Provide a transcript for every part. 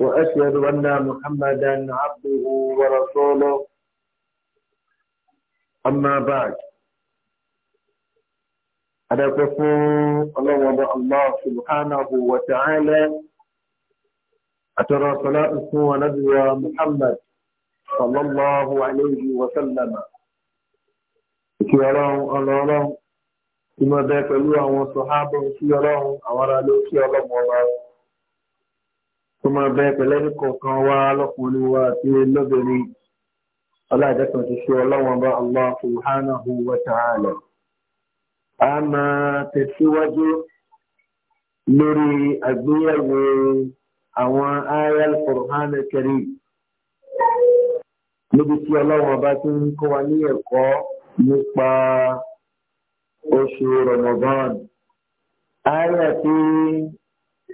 وأشهد أن محمدا عبده ورسوله أما بعد أنا الله الله سبحانه وتعالى أترى صلاة ونبي محمد صلى الله عليه وسلم kí ọlọ́run ọlọ́run tí mo bẹ pẹ̀lú àwọn sọ̀hábọ̀ kí tó máa bẹ pẹ̀lẹ́ ní kọ̀ọ̀kan wá lọ́kùnrin wa àti lọ́bìnrin ọláìjẹ́kan ti ṣe ọlọ́wọ́n bá allah subhanahu wa ta'ala a máa tẹ̀síwájú lórí àgbéyẹ̀wò àwọn ayal qur'an karim níbi tí ọlọ́wọ́n bá ti ń kọ́ wa ní ẹ̀kọ́ nípa oṣù ramadan ayé àti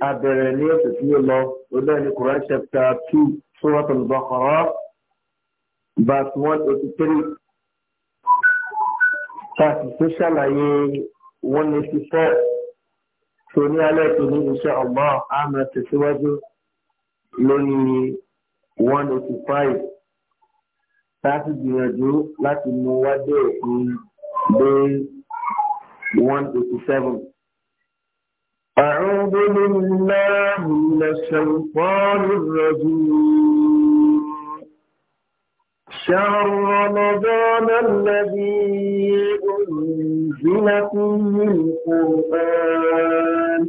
abẹ̀rẹ̀ ní ọ̀sẹ̀ tí ó lọ lọ́dọ̀ ní Quran chapter two surat al-Baqarah verse one eighty three tààtì tó ṣàlàyé one eighty four tó ní alẹ́ tó ní iṣẹ́ ọ̀gbọ́n àmọ́ tẹ̀síwájú lórí one eighty five tààtì gbìyànjú láti mú wá òkun dé one eighty seven. أعوذ بالله من الشيطان الرجيم شهر رمضان الذي أنزل فيه القرآن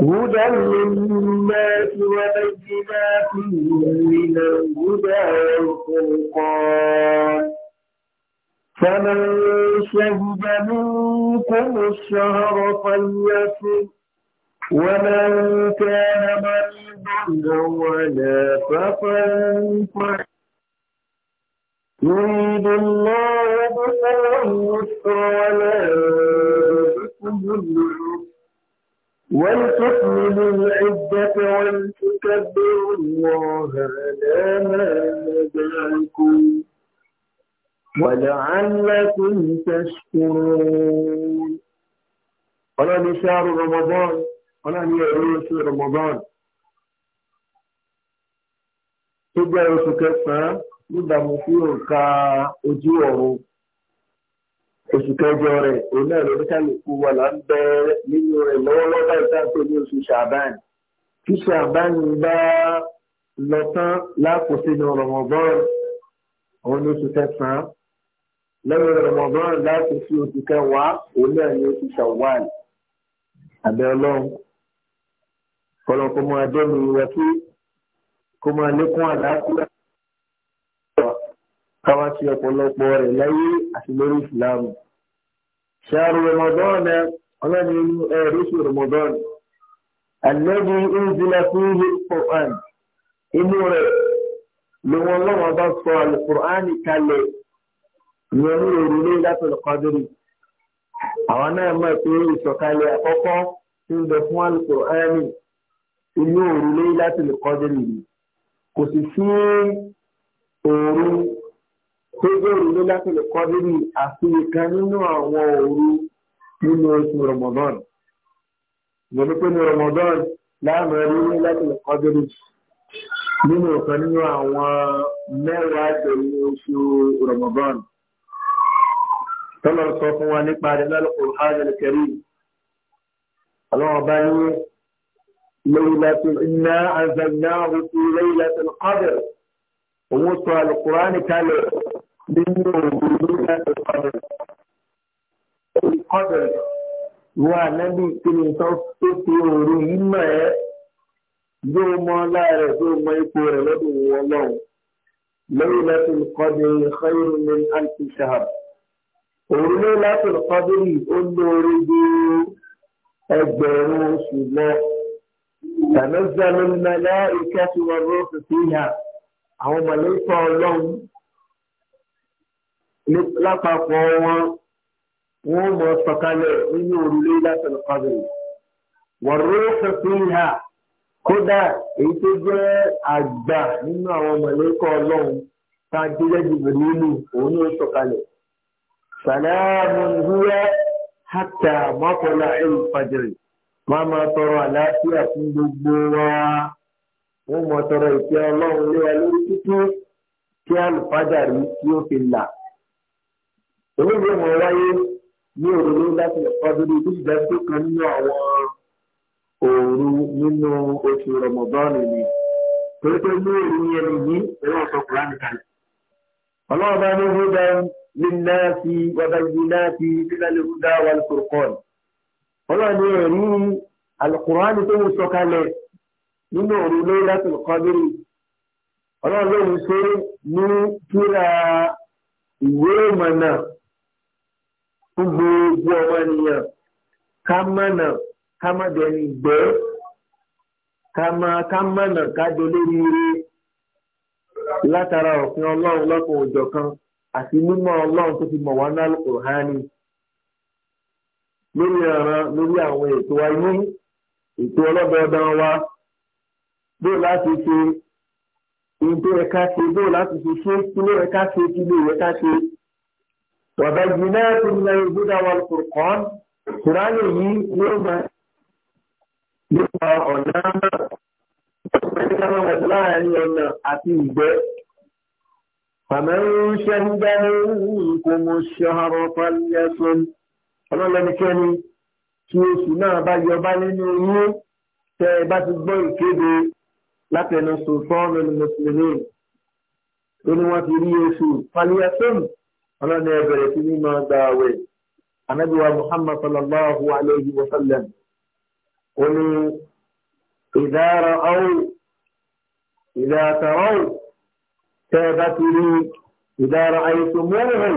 هدى للناس وبينات من الهدى والفرقان فمن شهد منكم الشهر فليصم ومن كان مريضا ولا على يريد الله بكم اليسر ولا بكم العسر ولتكملوا العدة ولتكبروا الله على ما هداكم ولعلكم تشكرون قال شهر رمضان wọn náà ní ẹ̀rí oṣù rọmọbọ́n tó jẹ́ oṣù kẹsàn-án nígbàmú sí òǹkà ojú ọ̀run oṣù kẹjọ rẹ̀ òun náà lórí kálukú wà là ń bẹ nínú rẹ̀ lọ́wọ́lọ́wọ́ ìtàkùn ní oṣù ṣàbáyé tí ṣàbáyé bá lọ tán lákòóso ní rọmọbọ́n òun ní oṣù kẹsàn-án lẹ́yìn rọmọbọ́n láti fi oṣù kẹwàá òun náà ní oṣù ṣàwáyé àbẹ̀ ọlọ́run kọlọ kó máa dẹnu ìwà kí kó máa lékún àlàáfíà káwá sí ọ̀pọ̀lọpọ̀ rẹ̀ láyé àti lórí ìsìláàmù. ṣáàrù ramadan ọlọ́ni ẹ̀rọṣù ramadan àlẹ́bí ìzìlá fún ilé quran inú rẹ̀ ló wọn lọ́wọ́ bá sọ alukur'an kalẹ̀ ìyẹn ní òrùlé kọ́dúrì. àwọn náà mọ̀ pé ìsọ̀kalẹ̀ àkọ́kọ́ ti ń bẹ fún alukur'an inú òru lẹ́yìn láti lè kọjá nìyí kò sì sí òru tó gbòòrò lẹ́yìn láti lè kọjá nìyí àfi ìkan nínú àwọn òru nínú oṣù Ramadan ìgbẹ́ni pé ní Ramadan láàmú ẹni lẹ́yìn láti lè kọjá nìyí nínú ọ̀kan nínú àwọn mẹ́wàá ìgbẹ̀yìn oṣù Ramadan tọ́lọ̀ sọ fún wa nípa adé lálùkò ọlọ́wọ́n bá ليلة إنا أنزلناه في ليلة القدر ومصر القرآن قال ليلة القدر القدر ونبي كلمة تصفر مما يوم لا يزوم يكور له والله ليلة القدر خير من ألف شهر وليلة القدر قل نريد أجبروا سلاح تنزل الملائكة والروح فيها أو ملك لهم لطلق قوة قوم وفقال إنه ليلة القدر والروح فيها كدا إتجاه أجبا إنه أو ملك اللهم فأجل جبريل ونو فقال سلام هو حتى مطلع الفجر máa máa tọrọ àlàáfíà fún gbogbo wa wọ́n mọ tọrọ ìfẹ́ ọlọ́run lé wa lórí títí kí àlùfáàjà rí kí ó fi là. olóògbé wọn wáyé ní òrùlé láti ọdún ibi ìdásí kan nínú àwọn òru nínú oṣù rọmọdọ́ọ̀nù ni torí ní òru yẹn nìyí ẹ̀rọ ọ̀sọ̀ kùránì kalẹ̀. ọlọ́run bá ní húdà nílá sí wàdàgbìlá sí nílá lè húdà wà lóko kọ́ọ̀nù. ọlọ́run ní ẹ̀rí alukur'an tó ń sọ kalẹ̀ nínú òru lóyìnbó kọ́bírì ọlọ́run ló ṣe ní kíra ìwé ìmọ̀nà fún gbogbo ọmọ ènìyàn ká mọ̀nà ká má dẹni gbẹ́ ká mọ̀nà ká dolé rire látara òfin ọlọ́run òjọ̀ kan àti mímọ́ ọlọ́run tó mọ̀ wá ní lórí ẹran lórí àwọn ètò wa ní ètò ọlọ́dọọdán wa bó láti ṣe ohun tó yẹ ká ṣe bó láti ṣe ṣe kí yẹ ká ṣe kí yẹ ká ṣe. wàbá yìí náà tó ń lọ ìgbéga wa kọ̀ọ̀kan kùránì yìí yóò máa nípa ọ̀nà ọ̀nà láàrin ọ̀nà àti ìgbẹ́. فمن شهد منكم الشهر فليصم ọlọ́lẹ́nikẹ́ni tí oṣù náà bá yọba nínú yín tẹ ẹ bá ti gbọ́ ìkéde látẹnu sọ̀tọ́ọ̀nù mùsùlùmí tó ní wọ́n ti rí oṣù paliyasom ọlọ́ni ẹ̀bẹ̀rẹ̀ sí ní máa gba àwẹ̀ anábíwá muhammad sallallahu alayhi wa sallam ó ní ìdára ọ̀hún ìdáta ọ̀hún tẹ ẹ bá ti rí ìdára àìsàn mọ́rùn-ún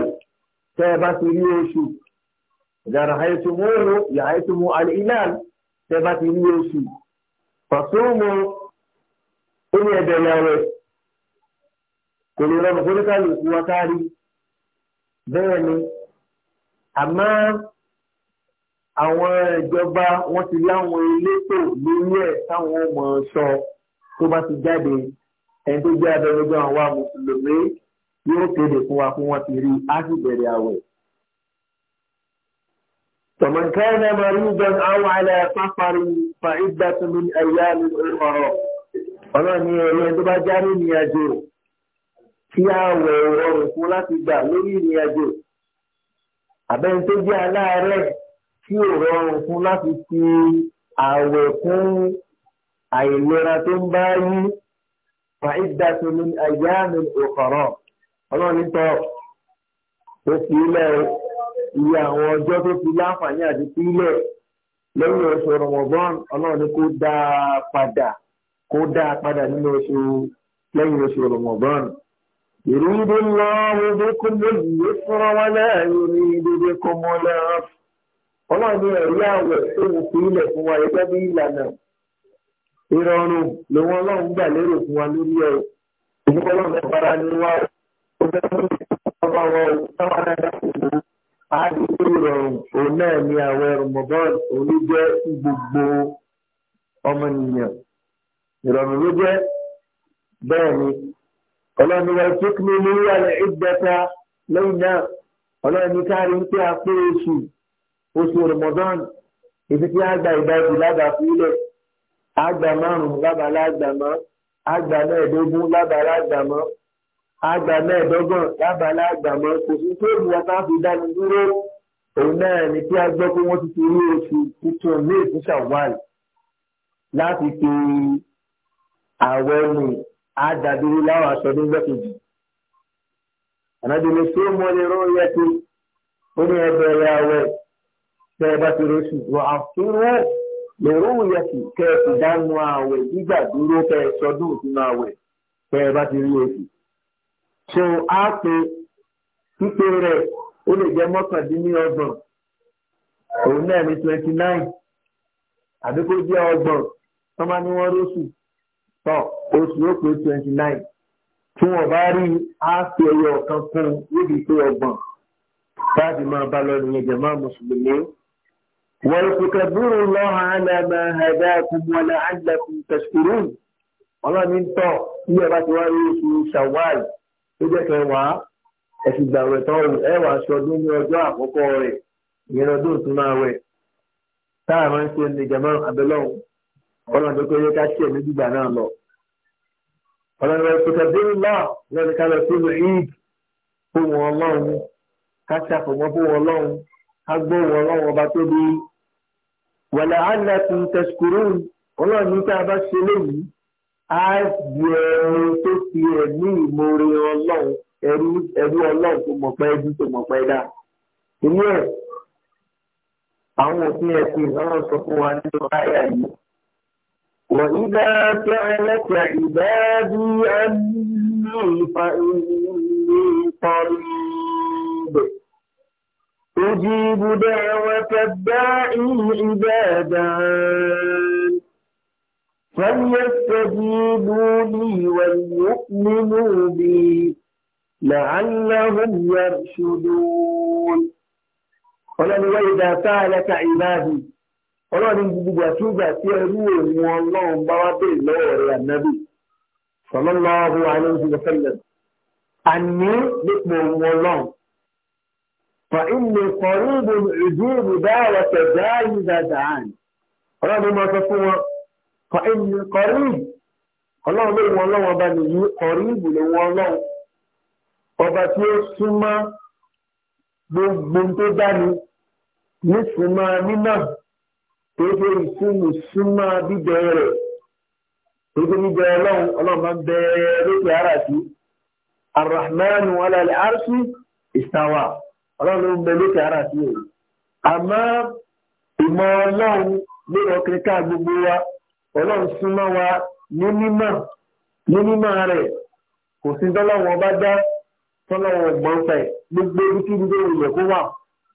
tẹ ẹ bá ti rí oṣù ìdára àìsùnmọ́rò ìyàìsùnmọ́ alìlán tẹ́ bá ti rí oṣù pàṣẹwọ́mọ ó ní ẹ̀bẹ̀ lẹ́rẹ̀ kò lè rọrùn fún níkàlù ìwà kárí bẹ́ẹ̀ ni àmọ́ àwọn ìjọba wọ́n ti láwọn elétò lórí ẹ̀ táwọn ọmọ sọ tó bá ti jáde ẹni tó jẹ́ abẹ́rẹ́gbọ́n àwa mùsùlùmí yóò kéde fún wa fún wọn ti rí á àwẹ̀. فمن كان مريضا أو على سفر فعدة من أيام أخرى ọ̀nà ni ẹ̀rọ tó bá jáde ní àjò tí a wẹ̀ ọrùn fún láti gbà lórí ìrìn àjò àbẹ́ni tó jẹ́ aláàárẹ̀ tí ò rọrùn fún láti fi ààwẹ̀ fún àìlera tó ń bá yí fàídà tó ní àyáàmì òkàrọ̀ ọlọ́run tó fi ilẹ̀ iye àwọn ọjọ́ tó fi láǹfààní àdínkù ilẹ̀ lẹ́yìn oṣù rọmọbọ́n ọlọ́run ni kó dáa padà kó dáa padà nínú oṣù lẹ́yìn oṣù rọmọbọ́n. يريد الله بكم اليسر ولا يريد بكم العسر ọlọ́run ní ẹ̀rí àwẹ̀ tó wù fún ilẹ̀ fún wa gẹ́gẹ́ bí ìlànà ìrọ̀rùn lòun ọlọ́run gbà lérò fún wa lórí ẹ̀ ìdúpọ̀ ọlọ́run fara àdúgbò ìrọ̀rùn òun náà ni àwọn ẹrù mọ̀bọ́ọ̀l òun jẹ́ gbogbo ọmọnìyàn ìrọ̀rùn ló jẹ́ bẹ́ẹ̀ ni ọlọ́run wa tó kí ní wàlẹ̀ ìgbẹ́ta lẹ́yìn náà ọlọ́run ní káàrí ń pé apé oṣù oṣù rọmọdán èdè tí a gba ìdájì lábàá sílẹ̀ àgbà márùn-ún lábàá lágbàmọ́ àgbà mẹ́ẹ̀ẹ́dógún lábàá lágbàmọ́ àgbà mẹ́ẹ̀ẹ́dọ́gbọ̀n lábàlá àgbà mọ́ kò sí tó ìlú ọba fi dáni dúró òun náà ni kí a gbọ́ pé wọ́n ti fi rí oṣù tuntun ní ìfúnṣà wáyé láti fi àwẹ̀ nù àdàdúró láwọn aṣọ ní lọ́kejì. ànájọ́lẹ̀ tó mọ lè rán yẹ pé ó ní ẹgbẹ̀rẹ̀ àwẹ̀ tẹ́ ẹ bá ti rọ́ṣù wọ àfihàn lè rún yẹ kí kẹ́ ẹ sì dánú àwẹ̀ gbígbà dúró kẹ́ ẹ sọdún ìfúnná àwẹ̀ tẹ́ ẹ bá ti rí oṣù ṣe á pe pípe rẹ̀ ó lè jẹ́ mọ́kàndínlọ́gbọ̀n òun náà ní twenty nine àbí kó jẹ́ ọgbọ̀n wọ́n máa ní wọ́n lóṣù tọ̀ oṣù ó pé twenty nine tí wọ́n bá rí á fi ẹyọ kan kún níbi pé ọgbọ̀n láti máa bá lọ nìyẹn jẹ̀mọ́ mùsùlùmí. وَلَتُكَبِّرُوا اللَّهَ عَلَى مَا هَدَاكُمْ وَلَعَلَّكُمْ تَشْكُرُونَ ọlọ́ni ń tọ̀ bí ẹ bá ti wá rí oṣù ṣàwáì tó jẹ́ kẹwàá ẹ̀sìn ìgbàwẹ̀ tán ẹ̀wà aṣọ́dún ní ọjọ́ àkọ́kọ́ rẹ̀ ìyẹn ọdún ìtúná rẹ̀ táà máa ń ṣe ní ìjàmbá abẹ́lọ́hùn ọlọ́run tó kọ́ yẹ ká ṣe ẹ̀mí gbígbà náà lọ. ọlọ́run rẹ̀ kò tẹ̀sí ńlá lọ́ni ká lọ sínú eid fún wọn ọlọ́run ká ṣàfọ̀mọ́ fún wọn ọlọ́run ká gbọ́ wọn ọlọ́run ọba tó bí wàlà ánà tẹ̀síkúrú ọlọ́run ní tá bá ṣe léyìí á di ẹni tó fi ẹ̀mí ìmoore ọlọ́run ẹrú ẹrú ọlọ́run tó mọ̀ pẹ́ bí tó mọ̀ pẹ́ dá. Inú ẹ̀ àwọn òfin ẹ̀sìn ìlànà sọ fún wa nínú àyà yìí. وإذا سألك عبادي عني فإني قريب أجيب دعوة الداعي إذا دعاني فليستجيبوا لي وليؤمنوا بي لعلهم يرشدون ọlọ́run wọ́n ìdá sáàlẹ́ka ìbáàbí ọlọ́run gbogbo àtúgbà tí ẹrú òun ọlọ́run bá wá bèèrè lọ́wọ́ rẹ̀ ànábì sọlọ́láhùn àlejò fẹ́lẹ̀ àní nípò òun ọlọ́run fa ìlú kọ̀ọ̀rọ̀ ìdúró dáwọ̀ tẹ̀dá ìdá dáhàn ọlọ́run máa sọ fún wọn fa ẹni kọrí ọlọ́run ló wọn ọlọ́run ọba nìyí kọrí ìbò ló wọn ọlọ́run ọba tí ó súnmọ́ gbogbo tó dání nísúnmọ́ nínà tó ṣe ìsúnmù súnmọ́ bíbẹ rẹ̀ tó ṣe ọlọ́run ọlọ́run máa ń lókè ara sí arahmanu alali arsi istawa ọlọ́run ló ń bẹ lókè ara sí o àmọ́ ìmọ̀ ọlọ́run ló rọ kẹta gbogbo wa ọlọ́run súnmọ́ wa ní mímọ̀ ní mímọ̀ rẹ̀ kò sí tọ́lọ́wọ́n bá dá tọ́lọ́wọ́n gbọ́n fẹ̀ gbogbo ibi tí ibi tó yẹ kó wà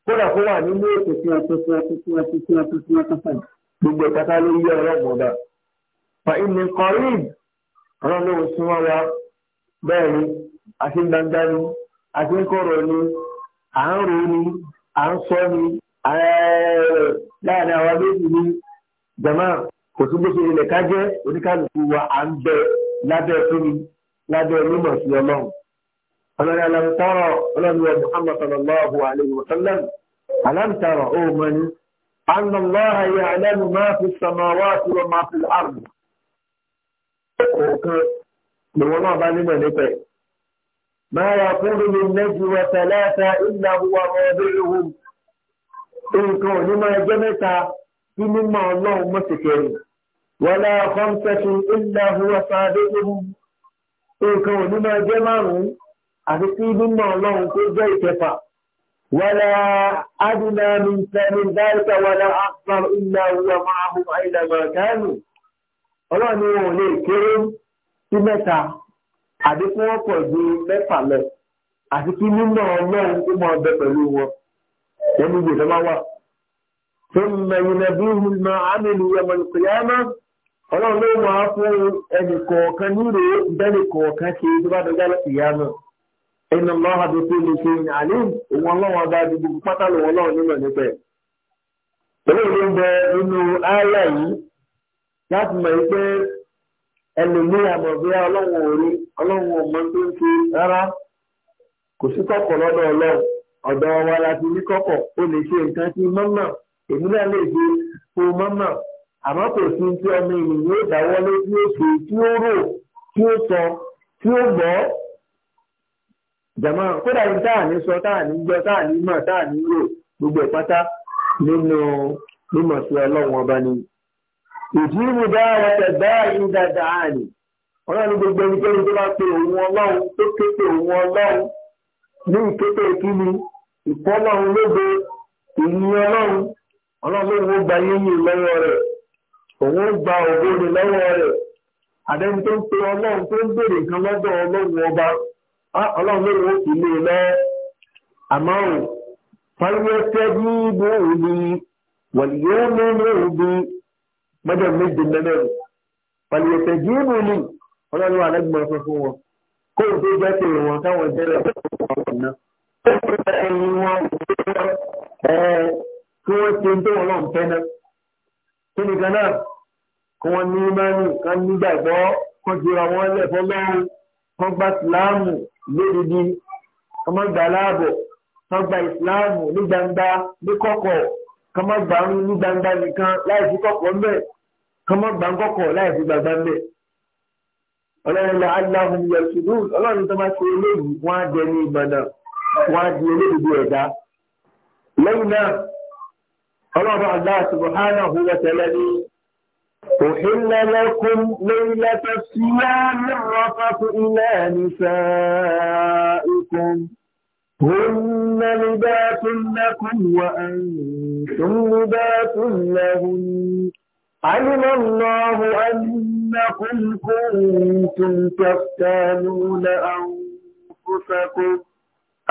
kódà kó wà nínú ètò tí wọ́n tuntun wọ́n tuntun wọ́n tuntun wọ́n tuntun wọ́n tuntun gbogbo ìtaka ló yẹ ọlọ́gbọ̀n dà. fa ìmì kọ́rìb ọlọ́run súnmọ́ wa bẹ́ẹ̀ ni àti gbangba ni àti kọ̀rọ̀ ni à ń rò ni à ń sọ ni láàrin àwa méjì ni jama kò tún gbèsè ilẹ̀ ká jẹ́ oníkálukú wa à ń bẹ lábẹ́ fúnni lábẹ́ mímọ̀ sí ọlọ́run ọlọ́run alamtara ọlọ́run wa muhammad sallallahu alayhi wa sallam alamtara ó mọ ní anna allaha ya alamu máa fi samawati wa máa fi ardu kọ̀ọ̀kan ni wọn náà bá nímọ̀ nípa ẹ̀ máa yà fún mi ní méjì wa tẹ̀lẹ́ta ìlà wa ọdún ìhùn nǹkan ò ní máa jẹ́ mẹ́ta kí mímọ̀ ọlọ́run mọ̀ sí kẹrin. ولا خمسة إلا هو صادقهم nǹkan ò ní máa jẹ́ márùn-ún àti tí mímọ̀ ọlọ́run tó jẹ́ ìkẹfà wàlá adìnà mi tẹ́lẹ̀ dáríkà wàlá àpàrọ̀ ilẹ̀ òwúwà máa hù àìlànà kánù ọlọ́run ni wọn ò lè kéré ثم ينبيهم ما عملوا يوم القيامه ọlọ́run ló máa fún ẹnìkọ̀ọ̀kan nílò ìdánìkọ̀ọ̀kan ṣe tó bá dọjá lọ́sì náà ẹnu lọ́wọ́ àbí tó lè ṣe àlín òun ọlọ́run ọba àdúgbò pátá lòun ọlọ́run nílò níbẹ̀. owó ló ń bẹ nínú ááyà yìí láti mọ̀ pé ẹlòmíràn mọ̀ ọlọ́run ọlọ́run tó ń rárá kò sí kọ̀kọ̀ lọ́dọ̀ ọlọ́run ọ̀dọ̀ wa àmọ́ kò sí tí ọmọ ènìyàn yóò dáwọ́ lé tí ó ṣe tí ó rò tí ó sọ tí ó gbọ́ jàmọ́ kódà ní táà ní sọ táà ní gbọ́ táà ní mọ̀ táà ní rò gbogbo ìpátá nínú mímọ̀ sí ọlọ́run ọba ni ìdílé dára tẹ̀dá yìí dáadáa ni ọlọ́run gbogbo ẹnikẹ́ni tó bá pe òun ọlọ́run tó ké pe òun ọlọ́run ní ìképe kíni ìkọ́ ọlọ́run ìyìn ọlọ́run ọlọ́run ló gba yíyí lọ́wọ́ rẹ̀ òun ó gba ògbóni lọ́wọ́ rẹ̀ àdẹ́ni tó ń pe ọlọ́run tó ń béèrè nǹkan lọ́dọ̀ ọlọ́run ọba ọlọ́run lórí ó sì lè e lọ àmọ́ ò fáwọn tẹ́bí bó o ní wọ̀nyí yóò mú ní òbí mọ́jọ́ méje mẹ́mẹ́rin wọ̀nyí tẹ̀jú ìlú ni ọlọ́run àlẹ́gbọ̀n sọ fún wọn kó o tó jẹ́ pé wọn káwọn jẹ́rẹ̀ ọ̀pọ̀ náà ó ń pẹ́ ẹyin wọn kí wọ́n ṣe ń tó wọn náà ń fẹ́ náà kí ni kan náà kí wọ́n ní imáni kan nígbàgbọ́ kan jura wọn lẹ̀ fọlọ́run kan gba ìsìláàmù lódìdí kan má gbà láàbọ̀ kan gba ìsìláàmù ní gbangba ní kọ̀kọ̀ kan má gbà ń ní gbangba nìkan láì fi kọ̀kọ̀ ńbẹ̀ kan má gbà ń kọ̀kọ̀ láì fi gbàgbà ńbẹ̀ ọlọ́run la aláhùn yẹ ṣùgbọ́n ọlọ́run tó bá ṣe eléyìí wọ́n á jẹ ní ìgbàdàn wọ́n á di eléyìí ẹ̀dá lẹ́yìn náà. قال الله سبحانه وتعالى أحل لكم ليلة الصيام الرفق إلى نسائكم هن لباس لكم وأنتم لباس لهن علم الله أنكم كنتم تختانون أنفسكم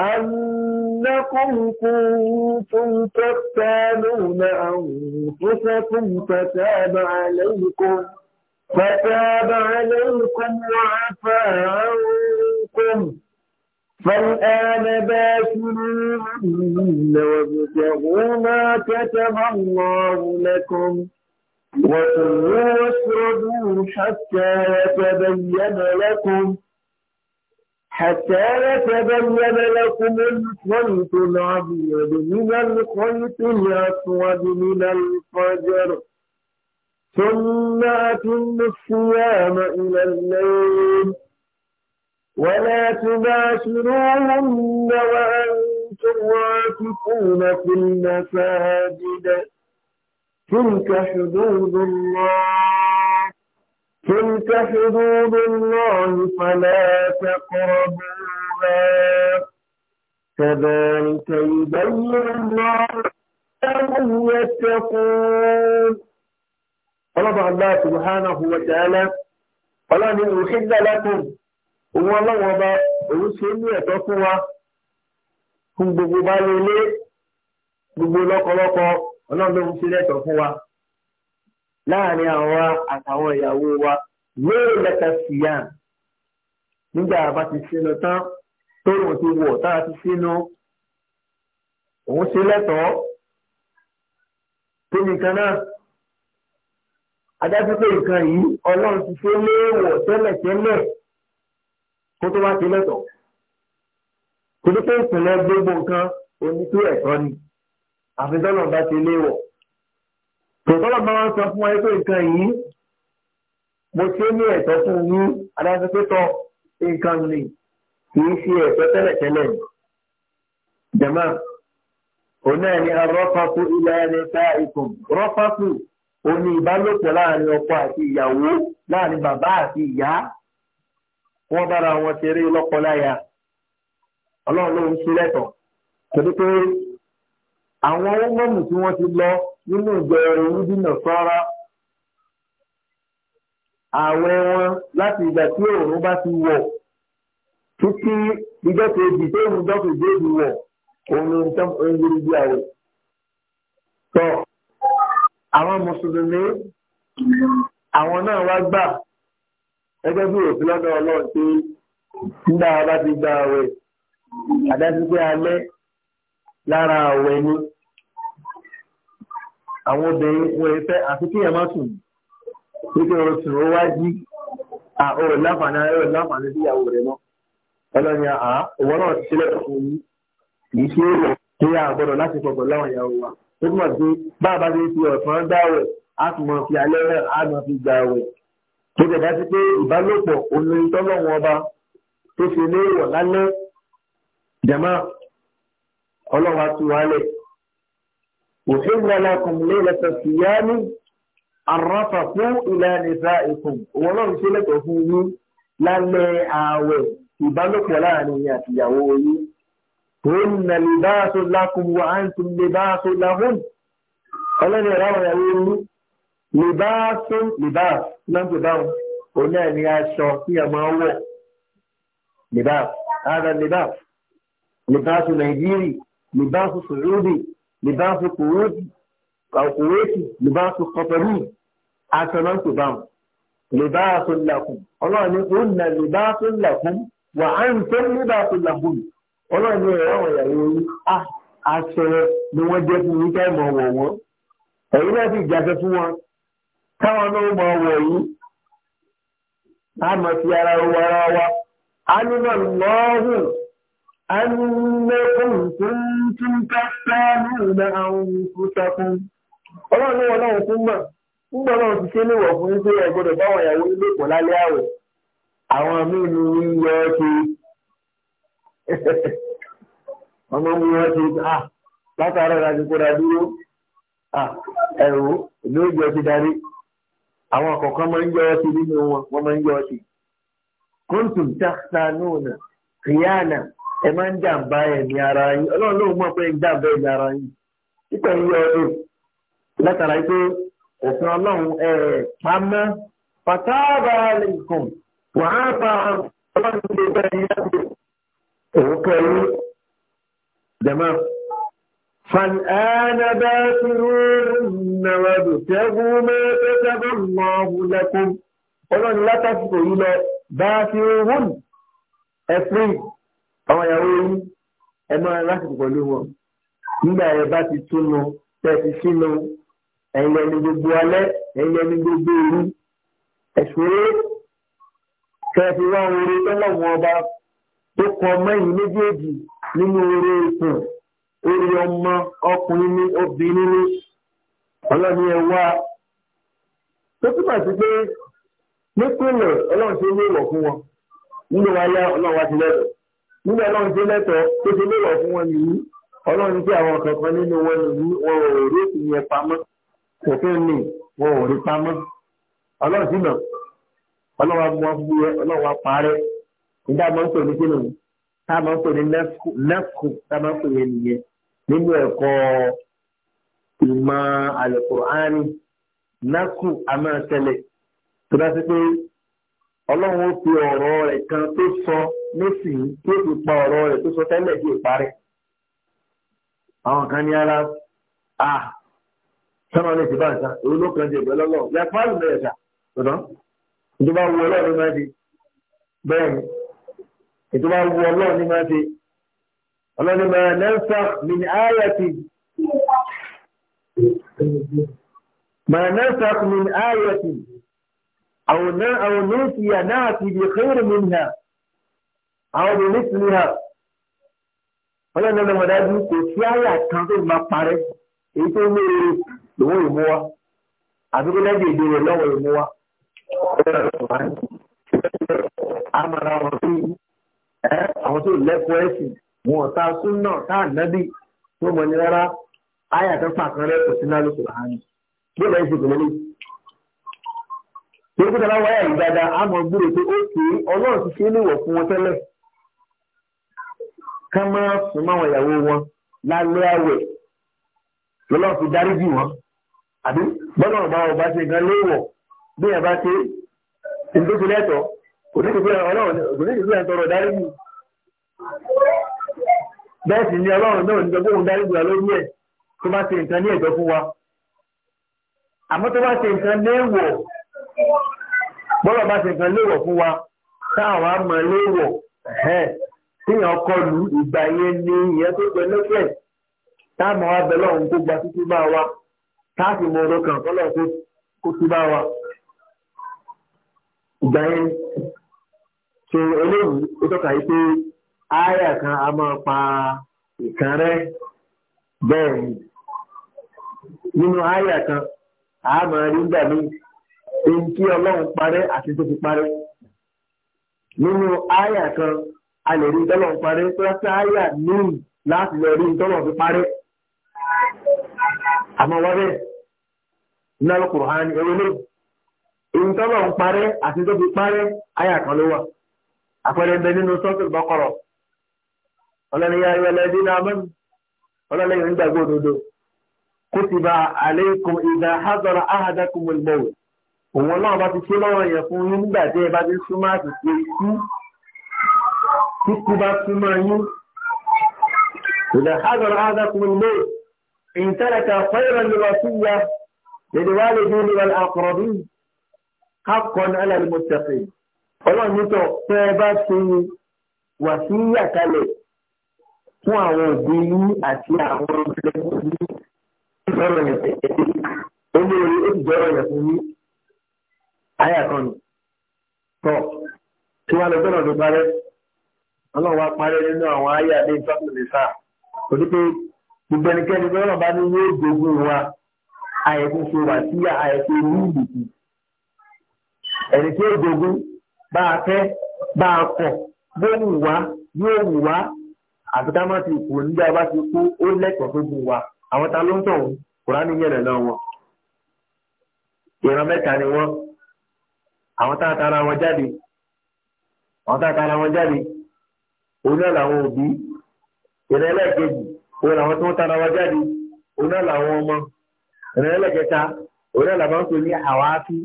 أنكم كنتم تختالون أنفسكم فتاب عليكم فتاب عليكم وعفى عنكم فالآن باشرون وابتغوا ما كتب الله لكم وكلوا واشربوا حتى يتبين لكم حتى يتبين لكم الخيط الأبيض من الخيط الأسود من الفجر ثم أتم الصيام إلى الليل ولا تباشروهن وأنتم واقفون في المساجد تلك حدود الله تلك حدود الله فلا تقربوها كذلك يبين الله لهم يتقون طلب الله سبحانه وتعالى قال من أحل لكم هو الله ورسل يتقوى fún gbogbo bá lé ilé gbogbo lọ́kọ̀lọ́kọ̀ ọlọ́run ló láàrin àwa àtàwọn ìyàwó wa yóò lẹ́ta síyà nígbà bá ti sínú tán tóun ti wọ̀ tá a ti sínú òun ṣe lẹ́tọ̀ọ́ tó nìkan náà adájú pé nǹkan yìí ọlọ́run ti ṣe léèwọ̀ tẹ́lẹ̀tẹ́lẹ̀ kó tó wá ti lẹ́tọ̀ọ́ kò ní pé ìpìlẹ̀ gbogbo nǹkan oní ni àfi tọ́lọ̀ bá ti léèwọ̀ tòtọ́lọ̀ bá wọn sọ fún ẹ pé nǹkan yìí mo ṣe ní ẹ̀tọ́ fún yín adájọ́ pé tọ́ nǹkan ni kì í ṣe ẹ̀tọ́ tẹ́lẹ̀tẹ́lẹ̀ jẹ̀mọ́ òun náà ni arọ́fàkù ilẹ̀ ẹni ká ikùn rọ́fàkù òun ìbálòpọ̀ láàrin ọkọ àti ìyàwó láàrin bàbá àti ìyá wọ́n bára wọn ṣeré lọ́kọláya ọlọ́run ló ń ṣe lẹ́tọ̀ọ́ torí pé àwọn ọmọ mọ̀mù tí ti lọ nínú ìgbẹ̀rẹ̀ onídìnà sọ́ra àwẹ̀ wọn láti ìgbà tí òòrùn bá ti wọ̀ títí ìjọ kejì tó ń jọ kejì èdè wọ̀ òun ni nǹkan òyìnbó bí àwẹ̀. tọ́ àwọn mùsùlùmí àwọn náà wá gbà gẹ́gẹ́ bí òfin lọ́dọ̀ ọlọ́run pé nígbà bá ti gba àwẹ̀ àdásí pé alẹ́ lára àwẹ̀ ni àwọn obìnrin wọn ẹ fẹ́ àfi kí ẹ má sùn wípé o sùn ó wá jí à ó láǹfààní ó láǹfààní sí ìyàwó rẹ mọ́ ọlọ́ni àá òwò náà ti sílẹ̀ fún yín kì í ṣe é wọ̀ pé a gbọ́dọ̀ láti pọ̀pọ̀ láwọn ìyàwó wa ó túmọ̀ sí bá a bá ti fi ọ̀sán dáwẹ̀ a tún mọ̀ fi alẹ́ rẹ̀ a mọ̀ fi gbà wẹ̀ tó jẹ̀ dá sí pé ìbálòpọ̀ olóyin tọ́lọ́wọ́n ọba tó ṣe léèwọ̀ lálẹ́ jẹ̀mọ́ ọlọ́wà tù wálẹ̀ أحل لكم ليلة الصيام الرفث إلى نسائكم ولو سلك فيه لالي آوي يبالك ولا نيات يوي هن لباس لكم وأنتم لباس لهم ألا نرى يقول لباس لباس لم تدعوا هنا نيات شرطية ما هو لباس هذا اللباس لباس نيجيري لباس سعودي libaasu kuweeti kuweeti libaasu kọtọlù aṣọ́nà tó bá wọn libaasu lakun ọlọ́run ní òun na libaasu lakun wà á ń tẹ́ libaasu lakun ọlọ́run ní ẹ̀rọ àwọn ìyàwó yìí a aṣọ ni wọ́n jẹ́ fún yín káìmọ̀ wọ̀ wọ́n ẹ̀yin náà sì jáde fún wọn káwọn náà mọ̀ wọ̀ yìí a mọ̀ sí ara wa wa a nílò lọ́ọ̀hùn. أنكم كنتم تختانون أنفسكم ọlọ́run ní wọn náà tún mọ̀ nígbà náà ti ṣe léwọ̀ fún pé ẹ gbọ́dọ̀ báwọn ìyàwó ilé pọ̀ lálẹ́ àwẹ̀ àwọn míì ni ń yọ ọ́ ṣe ọmọ mi wọ́n ṣe à látara ìrìnàjò kódà dúró à ẹ̀rù ìlú ìjọ ti darí àwọn kọ̀ọ̀kan máa ń yọ ọ́ ṣe nínú wọn wọ́n máa ń yọ ọ́ ṣe kóńtùm táxà náà ẹ máa ń jàǹbá ẹ̀mí ara yín ọlọ́run lóun mọ̀ pé ń jàǹbá ẹ̀mí ara yín títẹ̀ yí ọdún látara pé òfin ọlọ́run ẹ̀ pamọ́ pàtàkì àlẹ́kùn wàá bá ọlọ́run lè bẹ́ẹ̀ yín láti òun kẹ́ yín jẹ̀mọ́. فالآن باشروهن وابتغوا كتب الله لكم ọlọ́run لا yìí lọ bá a àwọn ìyàwó yín ẹ máa lásìkò pẹ̀lú wọn nígbà ẹ bá ti túnu tẹ ti sínú ẹ̀yìn ẹni gbogbo alẹ́ ẹ̀yìn ẹni gbogbo òru ẹ̀ṣọ́rẹ́ kẹfì wá oore tọ́lọ́wọ́n ọba tó kọ mẹ́yìn méjèèjì nínú oore ìkùn orí ọmọ ọkùnrin ní obìnrin ní ọlọ́ni ẹ wá tó túmọ̀ sí pé nípínlẹ̀ ọlọ́run ṣe ní ìwọ̀ fún wọn nínú wa yá ọlọ́run wa ti lẹ́dọ̀ọ́ nígbà ọlọ́run tó lẹ́tọ̀ọ́ tó ṣe léwọ̀ fún wọn nìyí ọlọ́run tí àwọn kankan nínú wọn nìyí wọn ò rí òfin yẹn pamọ́ òfin ni wọn ò rí pamọ́ ọlọ́run sì nà ọlọ́run amú wọn fún yẹ ọlọ́run apárẹ́ nígbà máa ń pè ní kíni tá a máa ń pè ní nẹ́fù tá a máa ń pè yẹn nìyẹn nínú ẹ̀kọ́ ìmọ̀ àlùkùránì nẹ́fù a máa tẹ̀lé tó dá sí pé ọlọ́run ó fi ọ̀rọ̀ rẹ̀ tó sọ. So, nísìnyí tó fi pa ọ̀rọ̀ rẹ̀ tó sọ tẹ́lẹ̀ bí ìparẹ́ àwọn kan ní ara a sọ́nà lè ti bá nǹkan èyí ló kàn jẹ́ ìgbẹ́ lọ́lọ́ yàtọ̀ àlù mẹ́rẹ̀ ṣá tọ̀dọ̀ ìjọba wu ọlọ́run ní máa di bẹ́ẹ̀ ni ìjọba wu ọlọ́run ní máa di ọlọ́run máa nẹ́ńsà mi ní ayé ti máa nẹ́ńsà mi ní ayé ti àwọn náà ti yà náà ti di xeyìrì mi nìyà. àwọn ọmọ mi tún yà ọlọ́run náà mọ̀dá bí kò sí àyà kan tó máa parẹ́ èyí tó ní eré lòun ìmú wa àbí kó lẹ́jọ́ èdè rẹ̀ lọ́wọ́ ìmú wa. àmàlà wọn sí àwọn tó lẹ́kọ̀ọ́ ẹ̀sìn wọn ta súnà tá ànábì tó mọ̀ ní rárá àyà kan fàkan rẹ̀ kò sí náà lọ kán máa sùn máwọn ìyàwó wọn lálẹ́ àwẹ̀ lọ́lọ́run fi dáríjì wọn àbí bọ́lá ọba ọba ṣe gan léèwọ̀ bí ẹ̀ bá ṣe ìdókòó lẹ́tọ̀ọ́ onídìbò ẹ̀ tọrọ dáríjì bẹ́ẹ̀ sì ni ọlọ́run náà nígbà bóun dáríjì wa lórí ẹ̀ tó bá ṣe nǹkan ní ẹ̀jọ́ fún wa àmọ́ tó bá ṣe nǹkan léèwọ̀ bọ́lá ọba ṣe nǹkan léèwọ̀ fún wa táwọn àmọ́ léèwọ̀ téèyàn kọlu ìgbà yẹn ni ìyẹn tó gbẹ lọ́sẹ̀ táàmù abẹ lọ́hùn tó gba títí bá wa táàfì mọ ọdọ kan kọ́lọ̀ tó kó tí bá wa ìgbà yẹn ṣe eléyìí ó tọ́ka yìí pé áyà kan a máa pa ìkan rẹ bẹ́ẹ̀ ni nínú áyà kan a máa rí gbà mí ohun tí ọlọ́run parẹ́ àti tó fi parẹ́ nínú áyà kan. a lè rí tọ́lọ̀ ń parí pẹ́sí àyà míì láti lọ rí tọ́lọ̀ fi parí. àmọ́ wá bẹ́ẹ̀ iná ló kùrọ̀ hàn ewé lé ìtọ́lọ̀ ń parí àti tó fi parí àyà kan ló wà. àpẹẹrẹ ń bẹ nínú sọ́ọ̀tù bọ́kọ̀rọ̀ náà òdodo ìdá òun bá ti ṣe yẹn fún kíkú bá kú máa yín ìdá hajjọ́rọ̀ adákùnrin lè in tẹ́lẹ̀ta fẹ́rẹ̀ lè wá síyá lèdè wá lè dúró lè àkọ̀rọ̀bí kákọ̀ ní alàlẹ́ mọ̀tẹ́fẹ́ ọlọ́run nítọ̀ tẹ́ ẹ bá ṣe wà sí yàtàlẹ̀ fún àwọn òbí àti àwọn ọmọdébùn ìfọ̀rọ̀ yẹn tẹ̀lé olórí ó ti jọ́rọ̀ yẹn fún yín ayé àkànnì tọ̀ tí wọ́n lọ gbọ́dọ̀ tó parẹ́ ọlọ́run apárẹ́ nínú àwọn ayé àdé ìtọ́sílẹ̀sà onípe gbogbo ẹnikẹ́ni tí ọlọ́run bá ní yóò dogun wa àyẹ̀kún ṣe wà sí àyẹ̀kún ní ìbùkún ẹni tí ó dogun bá a fẹ́ bá a kọ̀ yóò wù wá yóò wù wá àti ká má ti kú nígbà bá ti kú ó lẹ́tọ̀ọ́ tó gùn wa àwọn ta ló ń tọ̀ wọn kùránì yẹn lẹ̀ náà wọn ìran mẹ́ta ni wọ́n àwọn tá a tara wọn jáde àwọn tá a tara wọn jáde. òun náà làwọn òbí ìrẹ́lẹ́kejì òun làwọn tó ń tara wa jáde òun náà làwọn ọmọ ìrẹ́lẹ́kẹta òun náà làwọn ń pè ní àwáàfí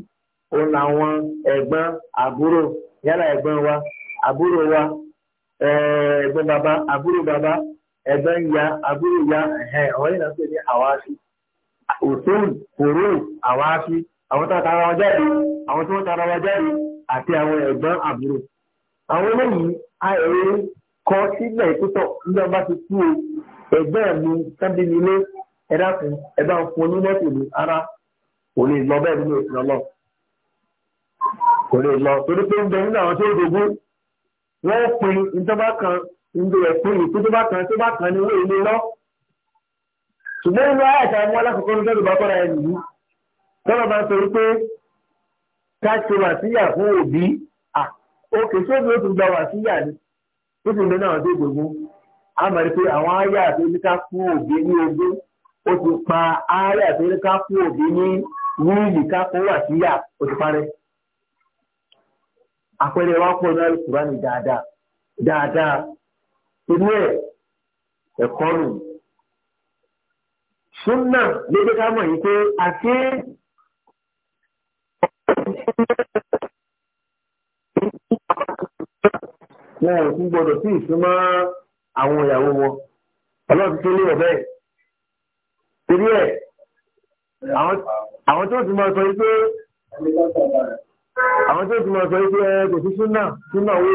òun làwọn ẹ̀gbọ́n àbúrò yálà ẹ̀gbọ́n wa àbúrò wa ẹ̀gbọ́n baba àbúrò baba ẹ̀gbọ́n ìyá àbúrò ìyá ẹ̀hẹ́n àwọn yìí náà ń ní àwáàfí òtún kòró àwáàfí àwọn tó ń tara wa jáde àwọn tó ń tara wa jáde kọ sílẹ̀ ìkótọ̀ nígbà bá ti kú o ẹgbẹ́ mi sábẹ́ mi lé ẹ dákun ẹ bá ń fún onímọ̀tò ní ara kò lè lọ bẹ́ẹ̀ nínú ìsìn ọlọ́ kò lè lọ torí pé ń bẹ nínú àwọn tó dogún wọ́n pin ìjọba kan ìjọ ẹ̀pin ìpín tó bá kan tó bá kan ní owó ilé lọ ṣùgbọ́n inú àyàtà mú alákòókò ní kẹ́lù kọ́ra ẹ̀ nìyí tọ́lọ́ bá ń sọ wípé ká ṣe wàsíyà fún òbí òkè sóbi ó tún gba wàsíyà ni níbi ìgbẹ́ náà dé gbogbo a mọ̀ pé àwọn ayé àti oníká fún òbí ní ogún ó ti pa ayé àti oníká fún òbí ní wíìlì káfọ́ wà síyà ó ti parẹ́ àpẹẹrẹ wa pọ̀ náà lùkùrá ní dáadáa dáadáa inú ẹ̀ ẹ̀kọ́ nù súnà ká wọn ò tún gbọdọ̀ sí ìsúnmọ́ àwọn ìyàwó wọn ọlọ́run ti lé ọ̀bẹ́ torí ẹ̀ àwọn tó ti máa sọ wípé àwọn tó ti máa sọ wípé kò sí súnà súnà owó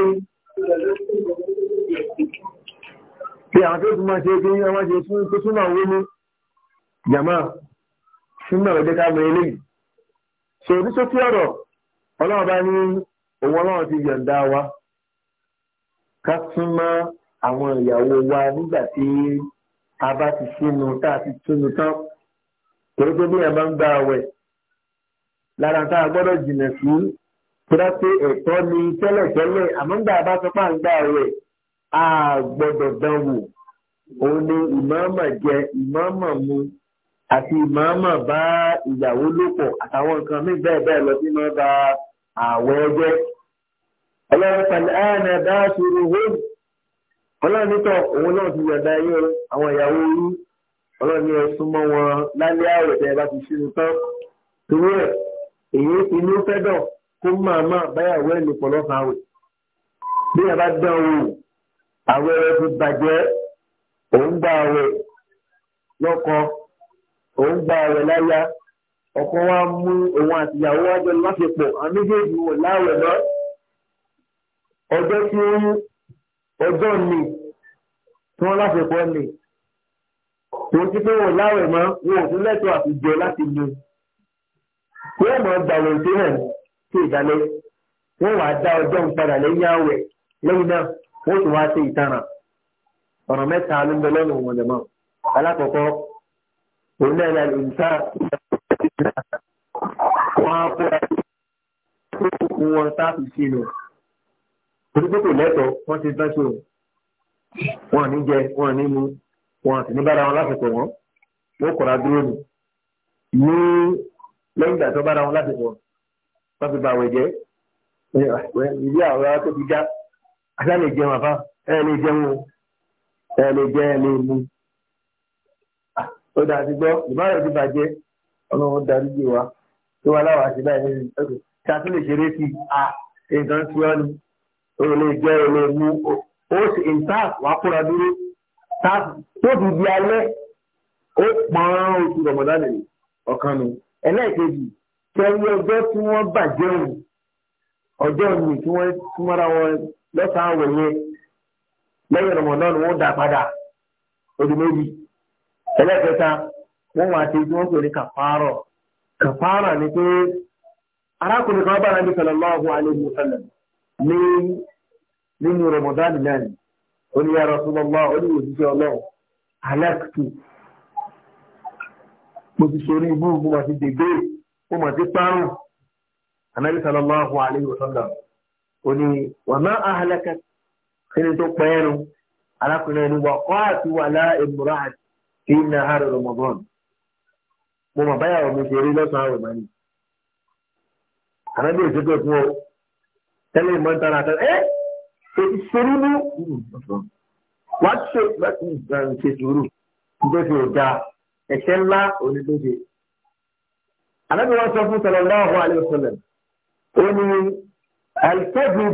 pé àwọn tó ti máa ṣe kí wọ́n ṣe tó súnà owó ní jàmá súnà rẹ̀ jẹ́ ká mọ eléyìí ṣòrí sókè ọ̀rọ̀ ọlọ́run bá ní òun ọlọ́run ti yọ̀ǹda wa. ká súnmọ́ àwọn ìyàwó wa nígbà tí a bá ti sínú tá a ti túnú tán torí pé bí ẹ bá ń gba àwẹ̀ lára tá a gbọ́dọ̀ jìnà sí tóra pé ẹ̀tọ́ ni tẹ́lẹ̀tẹ́lẹ̀ àmọ́ ń gbà bá sọ pé à ń gba àwẹ̀ a gbọ́dọ̀ dán wò òun ni ìmọ̀ọ́mọ̀ jẹ ìmọ̀ọ́mọ̀ mu àti ìmọ̀ọ́mọ̀ bá ìyàwó lòpọ̀ àtàwọn nǹkan mí bẹ́ẹ̀ bẹ́ẹ̀ lọ sí máa ba àwẹ̀ ẹgbẹ́ ọlọ́run pẹ̀lú ẹ̀ẹ́nà bá ṣòro hóòmù ọlọ́run nítọ̀ òun náà ti yọ̀ǹda yín àwọn ìyàwó yín ọlọ́run ní ẹ̀sùn mọ́ wọn lálẹ́ àwẹ̀ tẹ́ ẹ bá ti ṣírun tán torí ẹ̀ èyí inú fẹ́dọ̀ kó máa máa báyàwó ẹ̀ lòpọ̀ lọ́sàn àwẹ̀ bí ẹ bá dán o àwẹ̀ rẹ ti bàjẹ́ òun gba àwẹ̀ lọ́kọ òun gba àwẹ̀ láyà ọkọ wa mú òun àtìyàwó wájọ láṣepọ̀ àmì ọjọ́ tí ó ń ọjọ́ ni tí wọ́n láṣepọ̀ ni kò sí pé wọn láwẹ̀ mọ́ wọn ò tún lẹ́tọ̀ọ́ àti jẹ láti lo wọ́n mọ̀ gbàwẹ̀ tó hàn sí ìdálẹ́ wọ́n wàá dá ọjọ́ ń padà lẹ́yìn àwẹ̀ lẹ́yìn náà wọ́n tún wá sí ìtaràn ọ̀nà mẹ́ta ló ń bẹ lọ́nà òun ọ̀dẹ̀mọ́ alákọ̀ọ́kọ́ òun náà la lè sá wọn á kó wọn sáà fi sí lọ torí pé kò lẹ́tọ̀ wọ́n ti dá sí òun wọn ní jẹ wọn ní mu wọn àti ní bára wọn lásìkò wọn wọn kọ̀ra dúró nù ní lẹ́yìn ìgbà tó bára wọn lásìkò wọn wọn fi bàwẹ̀ jẹ́ ìdí àwọn ará tó ti já ajá lè jẹun àfa ẹ lè jẹun ẹ lè jẹ ẹ lè mu ó dáa ti gbọ́ ìbára ti bàjẹ́ ọlọ́run darí jù wá tó wà láwàá sí báyìí ní ọdún tí a tún lè ṣeré sí i nǹkan tí wọ́n ní òun lè jẹ́ òun lè wú ó sì ń tá wàá kóra dúró tá tó fi di alẹ́ ó pọ́n oṣù rọ̀mọ̀dánì ọ̀kan nù ẹlẹ́ẹ̀kejì kẹrí ọjọ́ tí wọ́n bàjẹ́ òun ọjọ́ òun tí wọ́n túmọ́ra wọn lọ́sàn-án wọ̀ yẹn lẹ́yìn rọ̀mọ̀dánì wọ́n dà padà odi méjì ẹlẹ́ẹ̀kẹta wọ́n wá ti tí wọ́n pè ní kàfárọ̀ kàfárọ̀ ni pé arákùnrin kan bá rà ní sọlọ́láhùn alẹ́ ní nínú ramadan náà ni ó ní ya Rasulullah oníwò jíjẹ́ ọlọ́run aláàkùtù mo ti sọ ní ibú mo mà ti dègbé mo mà ti parun anabi sallallahu alayhi wa sallam ó ní wà má ahlaka kí ni tó pẹ́ẹ́rù alákùnrin ni wà kọ́ àti wà láà ìmúra kí ní ahàrẹ ramadan mo mà báyàwó mi ṣe rí lọ́sàn-án rẹ̀ mọ́ ni anabi ìṣègùn ọ tẹ́lẹ̀ ìmọ̀ àtẹ́lẹ̀ ẹ́ ìṣerúnú wá ṣe láti ṣe sùúrù nítorí ọjà ẹ̀ṣẹ̀ ńlá onídóde. Àlejò wọn sọ fún Sọlọ́láhùn Alẹ́sọ̀lẹ̀. Ó ní Alfẹ́bù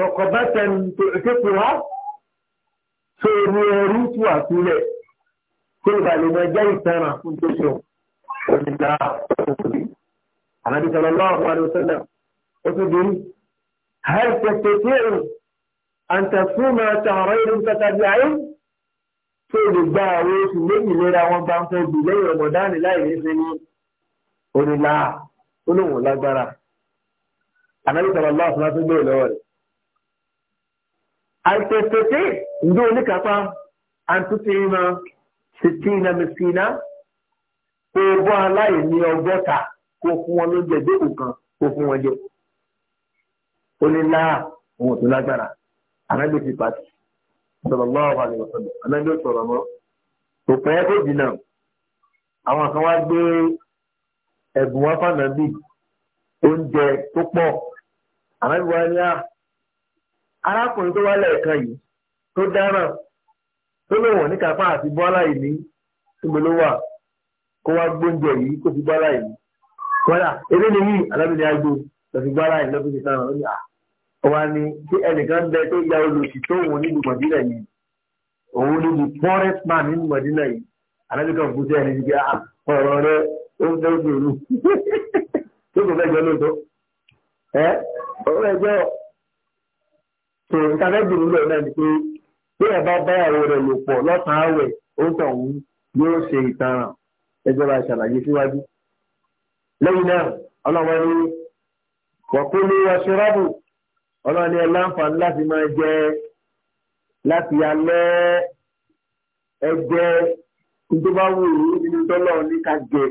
rọ̀kọ̀bẹ́tẹ̀ tó ìṣèpè wá tó ní ẹrú tó àtúlẹ̀ tó ìbàlẹ̀ náà jẹ́ ìtara fún tó ṣe òní dáa. Àlejò Sọlọ́láhùn Alẹ́sọ̀lẹ̀ tún dé هل تستطيع أن تصوم شهرين متتابعين؟ tó lè gba àwọn oṣù méjì lera wọn bá ń fẹ́ jù lẹ́yìn ọmọdáàní láì ní ṣe ní onílà olóhùn lágbára ànábì sọ̀rọ̀ lọ́wọ́ fún látún bẹ́ẹ̀ lọ́wọ́ rẹ̀. àìtẹ̀tẹ̀tẹ̀ ǹdó oníkápá àtúntì iná títí iná mẹsìnà kó bọ́ aláìní ọgọ́ta kó fún wọn lóúnjẹ dé òkan kó fún wọn jẹ ó ní náà òun tó lágbára ànágbé ti pàtì sọ̀rọ̀ lọ́wọ́ wa ni wọ́n sọ̀rọ̀ ànágbé ó sọ̀rọ̀ mọ́ kò pẹ́ kó jìnnà àwọn kan wá gbé ẹ̀bùn wọn fànà bí oúnjẹ tó pọ̀ ànágbé wa ni à arákùnrin tó wá lẹ́ẹ̀kan yìí tó dáràn tó lòun ní kápá àti bọ́lá yìí ní níbo wà kó wá gbóúnjẹ yìí kó fi bọ́lá yìí kọ́lá eré ni yìí alábìnrin àgbo lọ́fi bọ́lá yìí lọ́fi fi sára ó ní à. wa ni tí ẹnìkan bẹ tó ya olùsì tó wù nínú mọ̀dínà yìí òun ni the poorest man nínú mọ̀dínà yìí àlejò fún sí ẹni gbé ah, ọ̀rọ̀ rẹ ó ń fẹ́ gbèrú tó kò fẹ́ jọ lóòótọ́ ẹ ọ̀rọ̀ tó gbèrú lọ náà ni pé bí ẹ bá báyàwó rẹ lò án ó ń tàn yóò ṣe ìtanràn bá ṣàlàyé síwájú náà rábù. ọlọ́ni ẹ láǹfààní láti máa jẹ láti alẹ́ ẹgbẹ́ tó bá wù ú nínú dọ́là ní ká jẹ.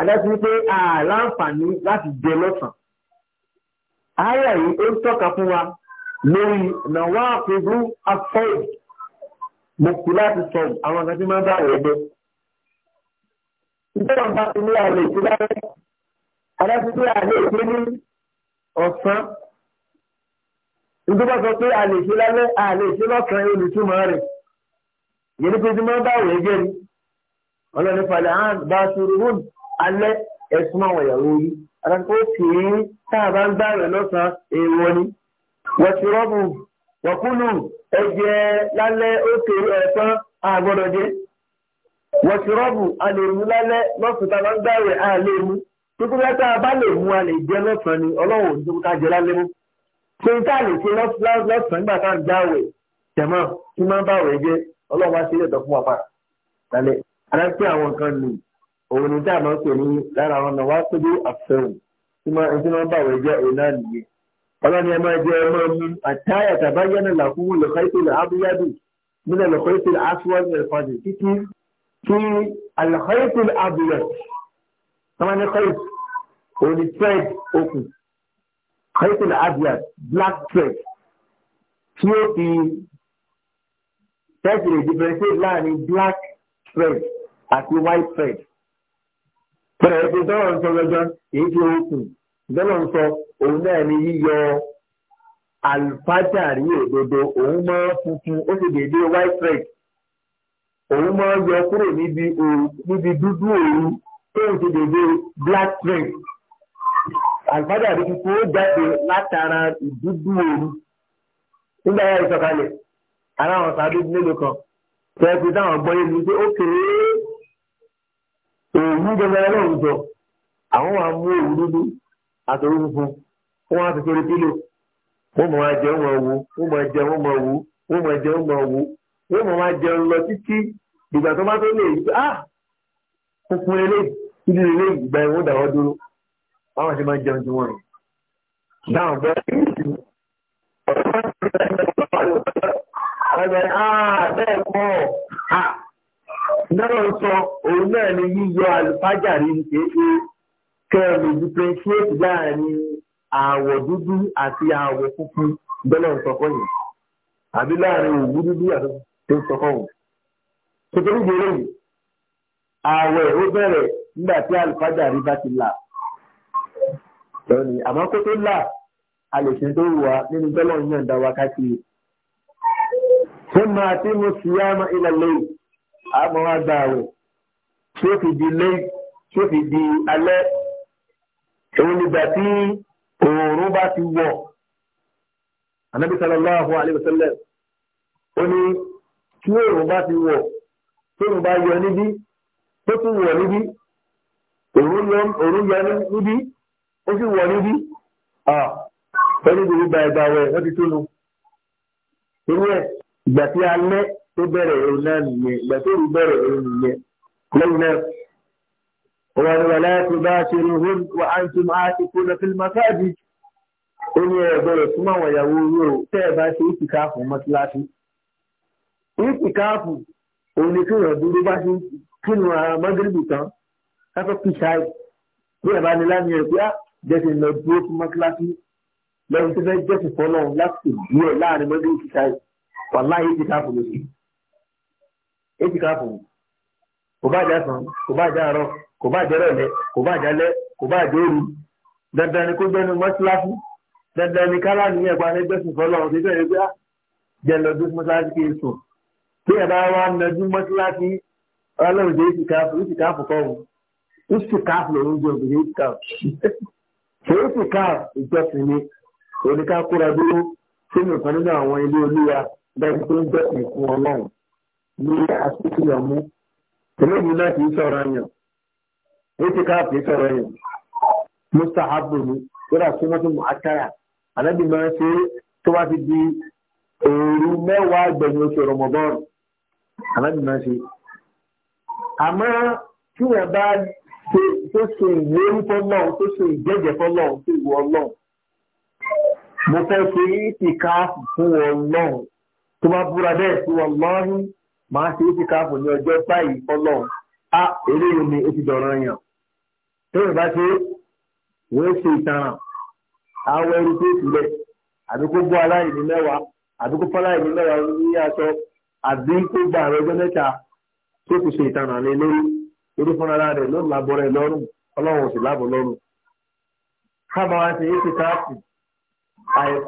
Adájú pé àláǹfààní láti jẹ lọ́sàn-án. Ààyè yìí ó ń tọ́ka fún wa lórí ìnáwó àfihù afẹ́yì. Mo kù láti sọ àwọn kan tí máa ń bá rẹ̀ gbé. Ìjọba ń bá ti ní àlè ìtura rẹ̀. Adájú pé àlè ìtura rẹ̀ ọ̀sán nítorí sọ pé a lè ṣe lálẹ́ a lè ṣe lọ́kàn olùtúmọ̀ rẹ̀ yẹn ní pé tí wọ́n bá wẹ̀ jẹ́ ni ọlọ́ni falẹ̀ hàn bá sọ̀rọ̀ wọn alẹ́ ẹ̀sùn àwọn ìyàwó yìí àtàkùn òkè tá a bá ń gbà rẹ̀ lọ́sàn èèwọ̀ ni wọ́n ti rọ́bù wọ́n kúlù ẹ̀jẹ̀ lálẹ́ òkè ẹ̀sán àgbọ̀dọ̀ wọ́n ti rọ́bù a lè lálẹ́ lọ́sùn tá a bá ń gbà rẹ̀ a lè pípẹ́ lẹ́tà bá lè mú a lè jẹ lọ́sàn-án ni ọlọ́run òní tó ká jẹ lálẹ́ mú pé tá a lè ṣe lọ́sàn-án nígbà tá a ń jáwèé tẹ̀mọ́ tí máa ń bá òwe jẹ́ ọlọ́run wá sí ilé ìtọ́ fún wa padà lálẹ́ adájọ́ àwọn nǹkan nì òun ni tá a máa ń pè ní lára àwọn ọ̀nà wá tóbi àfẹ́hùn tí máa ń bá òwe jẹ́ òun náà nìyẹn ọlọ́ni ẹ máa jẹ ẹ máa mú àtàyà tàbáyánà làkúrú lọ́kọ́ìtìlẹ̀ abúyádù nílẹ̀ lọ́kọ́ìtìlẹ̀ aṣọ́ọ̀nù ẹ̀fọ́dù títí kí alọ́kọ́ìtìlẹ̀ abúyádù tọ́mọ́ni kọ́ìtì òun ni thread okùn kẹ́tìlá abia black thread tí ó fi tẹ́sílè differentiate láàrin black thread àti white thread. Bẹ̀rẹ̀ ètò ìdánwò ń sọ gangan èyí tí ó kù. Ìdánwò ń sọ òun náà ni yíyọ àlùfájàrí òdodo òun mọ́ funfun ó sì dèdè white thread. Òun mọ́ yọ kúrò níbi dúdú òru tóun ti dèdè black thread àlùfáàdàrí tuntun ó jáde látara ìdúdú ooru nígbà yà ìsọkalẹ̀ ara àwọn sàádé mélòó kan tẹ́ẹ̀kì táwọn gbọ́yé ni pé ó kéré òwú gbẹgbẹ ọlọ́run jọ àwọn wà mú òwú dúdú àtòwú funfun wọn á fi kéré kílò wọn mọ̀ wá jẹun mọ̀ wú wọn mọ̀ jẹun mọ̀ wú wọn mọ̀ jẹun mọ̀ wú wọn mọ̀ wá jẹun lọ títí ìgbà tó bá tó lè yí pé ah funfun eléyìí kí ni eléyìí ìgbà yẹn wọn dà wọ́n dúró báwọn ṣe máa jẹun tí wọ́n rìn dáhùn bẹ́ẹ̀ ní ìsìn ọ̀rẹ́ bẹ́ẹ̀ kọ́ ah, náà sọ òun náà ni yíyọ àlùfájà rí kéèké kẹ́ẹ̀lì differentiate láàrin àwọ̀ dúdú àti àwọ̀ funfun bẹ́ẹ̀ sọ fún yìí àbí láàrin òwú dúdú àti sọ fún òun. tuntun ìgbèrè yìí àwẹ̀ ó bẹ̀rẹ̀ nígbà tí àlùfájà rí bá ti là lọ́ni àmọ́ kó tó là a lè ṣe tó wà nínú tọ́lọ̀ yàn dá wákàtí fún máa tí mo sì yá mọ́ ilẹ̀ lẹ́yìn àmọ́ wá gbà rẹ̀ tí ó fi di lẹ́yìn tí ó fi di alẹ́ òun nígbà tí òòrùn bá ti wọ̀ anabi sallallahu alayhi wa sallam ó ní tí òòrùn bá ti wọ̀ tí òòrùn bá yọ níbí tó tún wọ̀ níbí òòrùn yọ níbí ó sì wọ̀ níbí pẹ̀lú ìgbèrú gba ẹ̀gbà rẹ̀ wọ́n ti tó nu. Irú ẹ̀ ìgbà tí alẹ́ tó bẹ̀rẹ̀ òun náà nìyẹn ìgbà tó rí bẹ̀rẹ̀ òun nìyẹn lẹ́yìn náà. Wọ́n ní wàlá tó bá ṣe ní hún wa á ń tún máa ti kó lọ fílmù káàdì. Ó ní ẹ̀ bọ̀rọ̀ súnmọ́ àwọn ìyàwó yìí tẹ́ ẹ bá ṣe ìtìkáàfù mọ́tíláṣí. Ìtìkáàfù òun ni kíyàn dúró bá ṣe kínú ara mọ́gírìbì tán ká tó kí ṣáì bí ẹ̀ bá ní lámì ẹ̀ pé á ah, jẹ́sìn lọ dúró fún mọ́kíláṣí lẹ́yìn tó fẹ́ jẹ́sìn fọ́ náà láti díẹ̀ láàrin mọ́tò ìkíta wà láàyè ti káàpù lóṣù èyí ti káàpù kò bá jà sàn kò bá jà àárọ̀ kò bá jẹ́ rẹ̀lẹ́ kò bá jalẹ́ kò bá jẹ́ òru dandan ni kó jẹ́nu mọ́síláṣí dandan ni kálá ní ẹ̀gbọ́n anẹ́gbẹ́sùn fọlọ́ ọ̀hún ṣẹ́jọ́ ẹgbẹ́ ah, jẹ́ lọ dúró mọ́síláṣí kí n sùn tí ẹ̀ bá wá nẹjú mọ́síláṣí ọlọ́run jẹ́ ìsìkáàfù kèéfì káà ìjọsìn ni oníká kóra dúró sínú ìkan nínú àwọn ilé olúwa dájú tó ń jọsìn fún ọlọ́run ní àsìkò ìyàmú eléyìí náà kì í sọ̀rọ̀ yàn kèéfì káà kì í sọ̀rọ̀ yàn mustahabu ni kódà súnmọ́tò mọ́àkàrà ànábì máa ń ṣe tó bá ti di òru mẹ́wàá gbẹ̀yìn oṣù rọmọbọ́ọ̀rù ànábì máa ń ṣe àmọ́ tí wọ́n bá tó ṣe ìwé orúkọ náà tó ṣe ìjẹ́jẹ́ fọlọ́run tó ìwọ ọlọ́run mo fẹ́ ṣe ìtìkáàfù fún ọlọ́run tó bá búra bẹ́ẹ̀ sí ọlọ́run máa ṣe ìtìkáàfù ní ọjọ́ báyìí fọlọ́run a eléyìí ni ó ti dọ̀rọ̀ yàn tó yìnbá ṣe wọ́n ṣe ìtaràn awọ ẹrú tó sílẹ̀ àbí kó bọ́ aláìní mẹ́wàá àbí kó fọ́láìní mẹ́wàá ní aṣọ àbí kó gbà àwọn ẹgbẹ́ mẹ́ta tó fi ṣe ìtaràn lé torí fúnra rẹ̀ ló làbọ̀ rẹ̀ lọ́rùn ọlọ́run sì lábọ̀ lọ́rùn. káàbà wá sí eighty thirty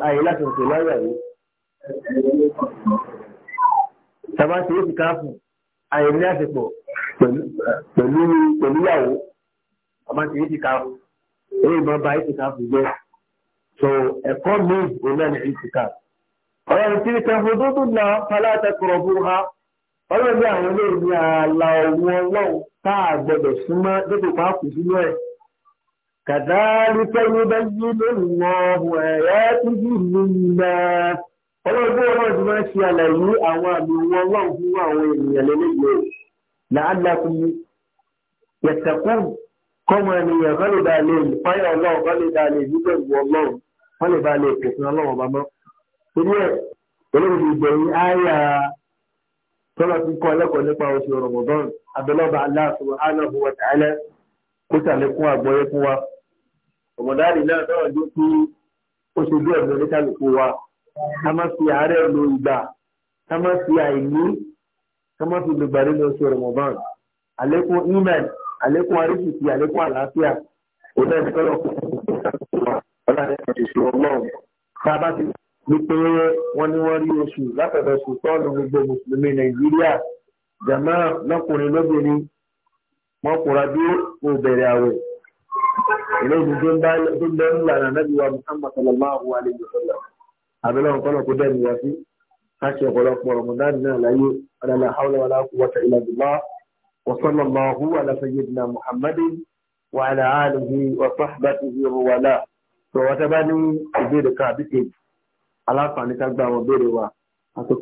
àyè láti ṣe lọ́yà yìí. tàbá ṣe eighty káàfù àyè ní àsìkò pẹ̀lú pẹ̀lú ìyàwó àbá ṣe eighty káàfù èyí máa ba eighty káàfù jẹ́. so ẹ̀kọ́ mi ò náà ní eighty káàfù. ọ̀rọ̀ ìtìrìkà fún dúdú náà fálá àtẹkùrọ̀ fún ha ọlọ́run bí àwọn ilé ní ààlà ọ̀wọ́ ọlọ́run tá a gbọ́dọ̀ súnmọ́ dípò páàkù sínú ẹ̀ kàdáàrí pẹ́yìn bá yí lónìí ọ̀hún ẹ̀yẹ́ tíjú lónìí náà ọlọ́run bí ọlọ́run ti máa ń ṣe àlàyé àwọn àmì ìwọ ọlọ́run fún àwọn ènìyàn lélẹ́yìn làálàkùn yẹ̀tẹ̀kùn kọ́mọ ènìyàn kọ́ lè lè fáyà ọlọ́run kọ́ lè lè níbẹ̀ ọlọ́run kọ́ bá lè pèsè ọlọ́run ọba mọ́ torí ẹ̀ olóògbé ìgbẹ̀yìn áyà tọ́lá ti kọ́ ẹlẹ́kọ̀ọ́ nípa oṣù rọ̀mọ̀dán abẹ́lọ́ba aláàfin aláàfin wa tààlẹ́ kó sàlékún àgbọ̀yé fún wa rọ̀mọ̀dán náà náà ló fi oṣù bí ẹ̀mí oníkàlùkù wa ká má fi àárẹ̀ lo ìgbà ká má fi àìní ká má fi lùgbà nínú oṣù rọ̀mọ̀dán àlékún email àlékún arísìkì àlékún àlàáfíà òun náà ti kọ́ lọ́kùnrin ọlọ́run wípé wọ́n ní wọ́n rí oṣù látọ̀dọ̀ sùtọ́ọ̀nù gbogbo mùsùlùmí nàìjíríà jàmá lọ́kùnrin lóbìnrin wọ́n kóra bí kò bẹ̀rẹ̀ àwẹ̀ eléyìí tó ń bá tó ń bẹ́ẹ̀ ńlá nàbí wa muhammad sallallahu alayhi wa sallam àbẹ̀lẹ̀ ọ̀kọ́nà kó dẹ́nu wá sí ọ̀pọ̀lọpọ̀ ramadan náà láyé ọ̀dàlá hawlá wàlá kú wàtà ilà bìbá wa sallallahu ala sayyidina muhammadin wa ala alihi wa sahbatihi wa wala. sọ̀rọ̀ wata bá ní ìbéèrè kan àbí kejì aláǹfààní ká gba àwọn ìbéèrè wa àti